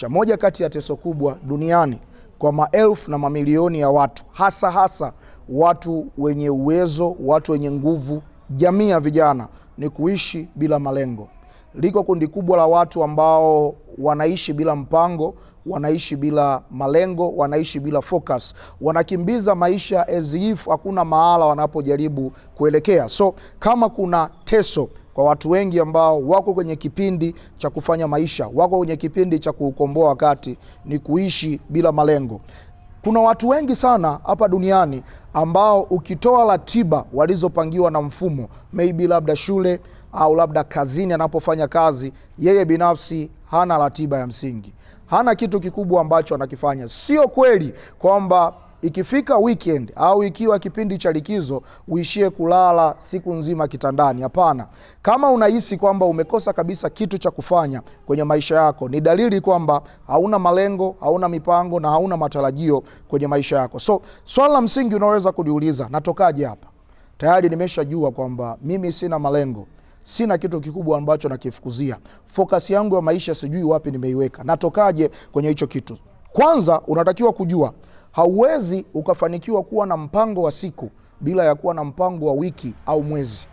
cha moja kati ya teso kubwa duniani kwa maelfu na mamilioni ya watu, hasa hasa watu wenye uwezo, watu wenye nguvu, jamii ya vijana, ni kuishi bila malengo. Liko kundi kubwa la watu ambao wanaishi bila mpango, wanaishi bila malengo, wanaishi bila focus, wanakimbiza maisha as if hakuna mahala wanapojaribu kuelekea. So kama kuna teso kwa watu wengi ambao wako kwenye kipindi cha kufanya maisha, wako kwenye kipindi cha kuukomboa wakati, ni kuishi bila malengo. Kuna watu wengi sana hapa duniani ambao ukitoa ratiba walizopangiwa na mfumo, maybe labda shule au labda kazini anapofanya kazi, yeye binafsi hana ratiba ya msingi, hana kitu kikubwa ambacho anakifanya. Sio kweli kwamba ikifika weekend au ikiwa kipindi cha likizo uishie kulala siku nzima kitandani. Hapana. Kama unahisi kwamba umekosa kabisa kitu cha kufanya kwenye maisha yako, ni dalili kwamba hauna malengo, hauna mipango na hauna matarajio kwenye maisha yako. So swala la msingi unaweza kujiuliza, natokaje hapa? Tayari nimeshajua kwamba mimi sina malengo sina kitu kikubwa ambacho nakifukuzia. Fokasi yangu ya maisha sijui wapi nimeiweka, natokaje kwenye hicho kitu? Kwanza unatakiwa kujua Hauwezi ukafanikiwa kuwa na mpango wa siku bila ya kuwa na mpango wa wiki au mwezi.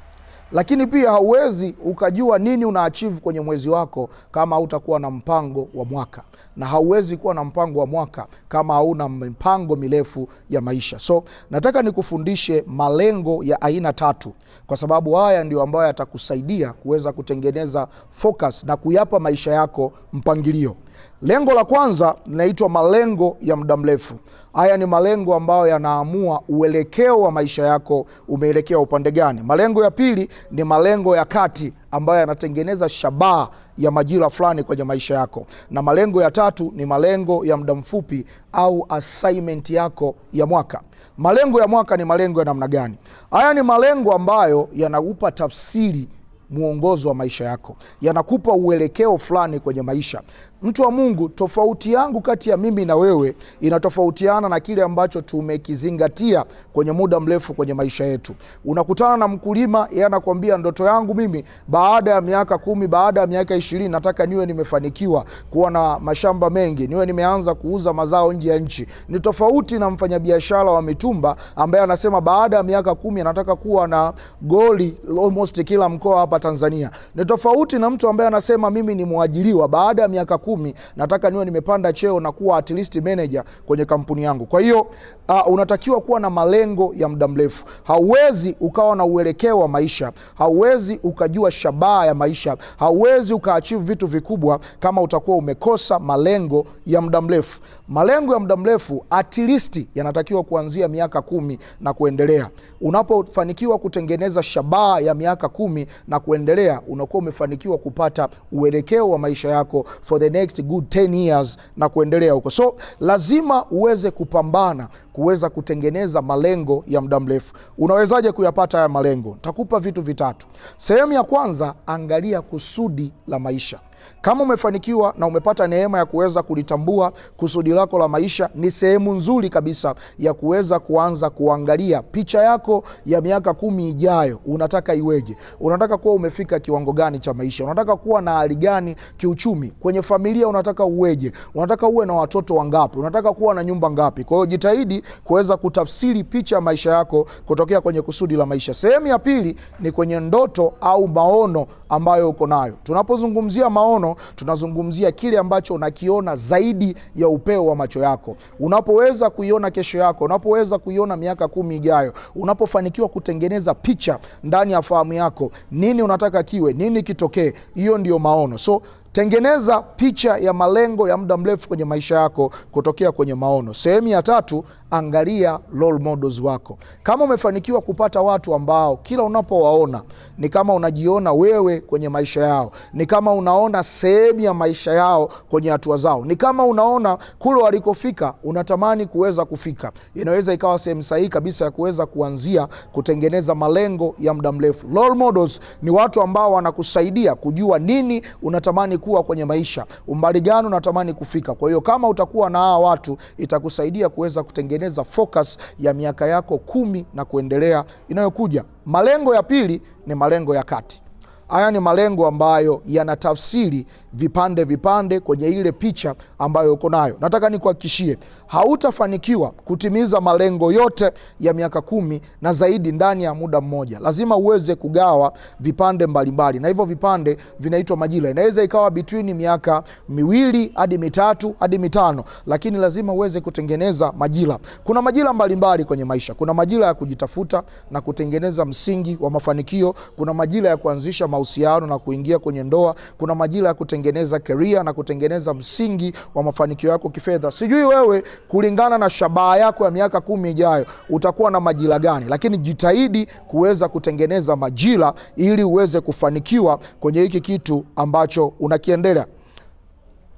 Lakini pia hauwezi ukajua nini una achivu kwenye mwezi wako kama hautakuwa na mpango wa mwaka, na hauwezi kuwa na mpango wa mwaka kama hauna mipango mirefu ya maisha. So nataka nikufundishe malengo ya aina tatu, kwa sababu haya ndio ambayo yatakusaidia kuweza kutengeneza focus na kuyapa maisha yako mpangilio. Lengo la kwanza linaitwa malengo ya muda mrefu. Haya ni malengo ambayo yanaamua uelekeo wa maisha yako, umeelekea upande gani. Malengo ya pili ni malengo ya kati ambayo yanatengeneza shabaha ya majira fulani kwenye maisha yako, na malengo ya tatu ni malengo ya muda mfupi au assignment yako ya mwaka. Malengo ya mwaka ni malengo ya namna gani? Haya ni malengo ambayo yanaupa tafsiri mwongozo wa maisha yako, yanakupa uelekeo fulani kwenye maisha. Mtu wa Mungu, tofauti yangu kati ya mimi na wewe inatofautiana na kile ambacho tumekizingatia kwenye muda mrefu kwenye maisha yetu. Unakutana na mkulima, yeye anakuambia ndoto yangu mimi baada ya miaka kumi, baada ya miaka ishirini nataka niwe nimefanikiwa kuwa na mashamba mengi, niwe nimeanza kuuza mazao nje ya nchi. Ni tofauti na mfanyabiashara wa mitumba ambaye anasema baada ya miaka kumi anataka kuwa na goli almost kila mkoa hapa Tanzania. Ni tofauti na mtu ambaye anasema mimi ni mwajiriwa baada ya miaka kumi, nataka niwe nimepanda cheo na kuwa at least manager kwenye kampuni yangu. Kwa hiyo uh, unatakiwa kuwa na malengo ya muda mrefu. Hauwezi ukawa na uelekeo wa maisha, hauwezi ukajua shabaha ya maisha, hauwezi ukaachivu vitu vikubwa kama utakuwa umekosa malengo ya muda mrefu. Malengo ya muda mrefu at least yanatakiwa kuanzia miaka kumi na kuendelea. Unapofanikiwa kutengeneza shabaha ya miaka kumi na kuendelea, unakuwa umefanikiwa kupata uelekeo wa maisha yako for the next good 10 years na kuendelea huko. So lazima uweze kupambana kuweza kutengeneza malengo ya muda mrefu. Unawezaje kuyapata haya malengo? Takupa vitu vitatu. Sehemu ya kwanza, angalia kusudi la maisha. Kama umefanikiwa na umepata neema ya kuweza kulitambua kusudi lako la maisha, ni sehemu nzuri kabisa ya kuweza kuanza kuangalia picha yako ya miaka kumi ijayo. Unataka iweje? Unataka kuwa umefika kiwango gani cha maisha? Unataka kuwa na hali gani kiuchumi? Kwenye familia unataka uweje? Unataka uwe na watoto wangapi? Unataka kuwa na nyumba ngapi? Kwa hiyo jitahidi kuweza kutafsiri picha ya maisha yako kutokea kwenye kusudi la maisha. Sehemu ya pili ni kwenye ndoto au maono ambayo uko nayo. Tunapozungumzia maono maono tunazungumzia kile ambacho unakiona zaidi ya upeo wa macho yako, unapoweza kuiona kesho yako, unapoweza kuiona miaka kumi ijayo, unapofanikiwa kutengeneza picha ndani ya fahamu yako, nini unataka kiwe, nini kitokee. Hiyo ndio maono. So Tengeneza picha ya malengo ya muda mrefu kwenye maisha yako kutokea kwenye maono. Sehemu ya tatu, angalia role models wako. Kama umefanikiwa kupata watu ambao kila unapowaona ni kama unajiona wewe kwenye maisha yao, ni kama unaona sehemu ya maisha yao kwenye hatua zao, ni kama unaona kule walikofika unatamani kuweza kufika, inaweza ikawa sehemu sahihi kabisa ya kuweza kuanzia kutengeneza malengo ya muda mrefu. Role models ni watu ambao wanakusaidia kujua nini unatamani kuwa kwenye maisha, umbali gani unatamani kufika. Kwa hiyo kama utakuwa na hawa watu itakusaidia kuweza kutengeneza focus ya miaka yako kumi na kuendelea inayokuja. Malengo ya pili ni malengo ya kati. Haya ni malengo ambayo yanatafsiri vipande vipande kwenye ile picha ambayo uko nayo. Nataka nikuhakikishie, hautafanikiwa kutimiza malengo yote ya miaka kumi na zaidi ndani ya muda mmoja. Lazima uweze kugawa vipande mbalimbali, na hivyo vipande vinaitwa majira. Inaweza ikawa between miaka miwili hadi mitatu hadi mitano, lakini lazima uweze kutengeneza majira. Kuna majira mbalimbali kwenye maisha. Kuna majira ya kujitafuta na kutengeneza msingi wa mafanikio. Kuna majira ya kuanzisha mahusiano na kuingia kwenye ndoa, kuna majira ya kutengeneza keria na kutengeneza msingi wa mafanikio yako kifedha. Sijui wewe kulingana na shabaha yako ya miaka kumi ijayo utakuwa na majira gani, lakini jitahidi kuweza kutengeneza majira ili uweze kufanikiwa kwenye hiki kitu ambacho unakiendelea.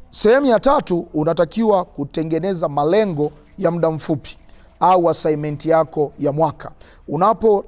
Sehemu ya tatu, unatakiwa kutengeneza malengo ya muda mfupi au assignment yako ya mwaka unapo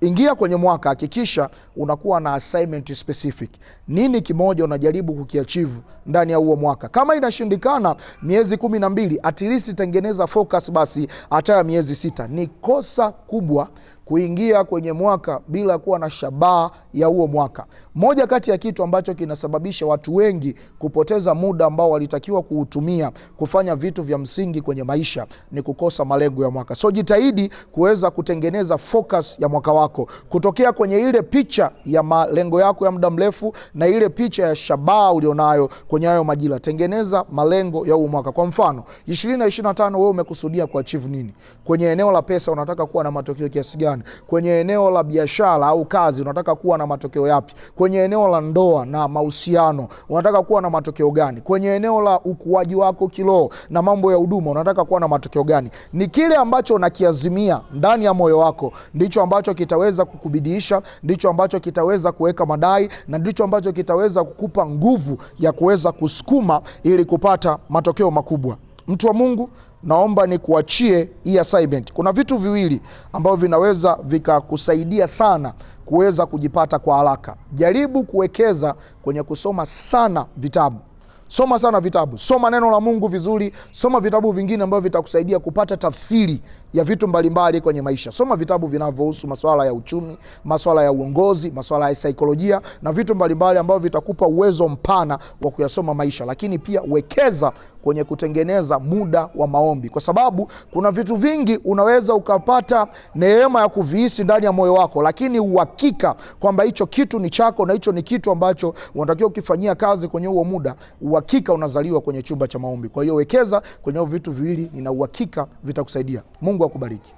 Ingia kwenye mwaka, hakikisha unakuwa na assignment specific. Nini kimoja unajaribu kukiachivu ndani ya huo mwaka? Kama inashindikana miezi kumi na mbili, at least tengeneza focus basi hata ya miezi sita. Ni kosa kubwa kuingia kwenye mwaka bila kuwa na shabaha ya huo mwaka. Moja kati ya kitu ambacho kinasababisha watu wengi kupoteza muda ambao walitakiwa kuutumia kufanya vitu vya msingi kwenye maisha ni kukosa malengo ya mwaka. So jitahidi kuweza kutengeneza focus ya mwaka wako kutokea kwenye ile picha ya malengo yako ya muda mrefu na ile picha ya shabaha ulionayo kwenye hayo majira. Tengeneza malengo ya huo mwaka. Kwa mfano, 2025 wewe umekusudia kuachieve nini? Kwenye eneo la pesa unataka kuwa na matokeo kiasi gani? gani? Kwenye eneo la biashara au kazi unataka kuwa na matokeo yapi? Kwenye eneo la ndoa na mahusiano unataka kuwa na matokeo gani? Kwenye eneo la ukuaji wako kiroho na mambo ya huduma unataka kuwa na matokeo gani? Ni kile ambacho unakiazimia ndani ya moyo wako ndicho ambacho kitaweza kukubidiisha, ndicho ambacho kitaweza kuweka madai na ndicho ambacho kitaweza kukupa nguvu ya kuweza kusukuma ili kupata matokeo makubwa. Mtu wa Mungu naomba nikuachie hii assignment. Kuna vitu viwili ambavyo vinaweza vikakusaidia sana kuweza kujipata kwa haraka. Jaribu kuwekeza kwenye kusoma sana vitabu. Soma sana vitabu, soma neno la Mungu vizuri, soma vitabu vingine ambavyo vitakusaidia kupata tafsiri ya vitu mbalimbali kwenye maisha. Soma vitabu vinavyohusu masuala ya uchumi, masuala ya uongozi, masuala ya saikolojia na vitu mbalimbali ambavyo vitakupa uwezo mpana wa kuyasoma maisha, lakini pia wekeza kwenye kutengeneza muda wa maombi, kwa sababu kuna vitu vingi unaweza ukapata neema ya kuvihisi ndani ya moyo wako, lakini uhakika kwamba hicho kitu ni chako na hicho ni kitu ambacho unatakiwa ukifanyia kazi kwenye huo muda, uhakika unazaliwa kwenye chumba cha maombi. Kwa hiyo wekeza kwenye vitu viwili, nina uhakika vitakusaidia Mungu Mungu akubariki.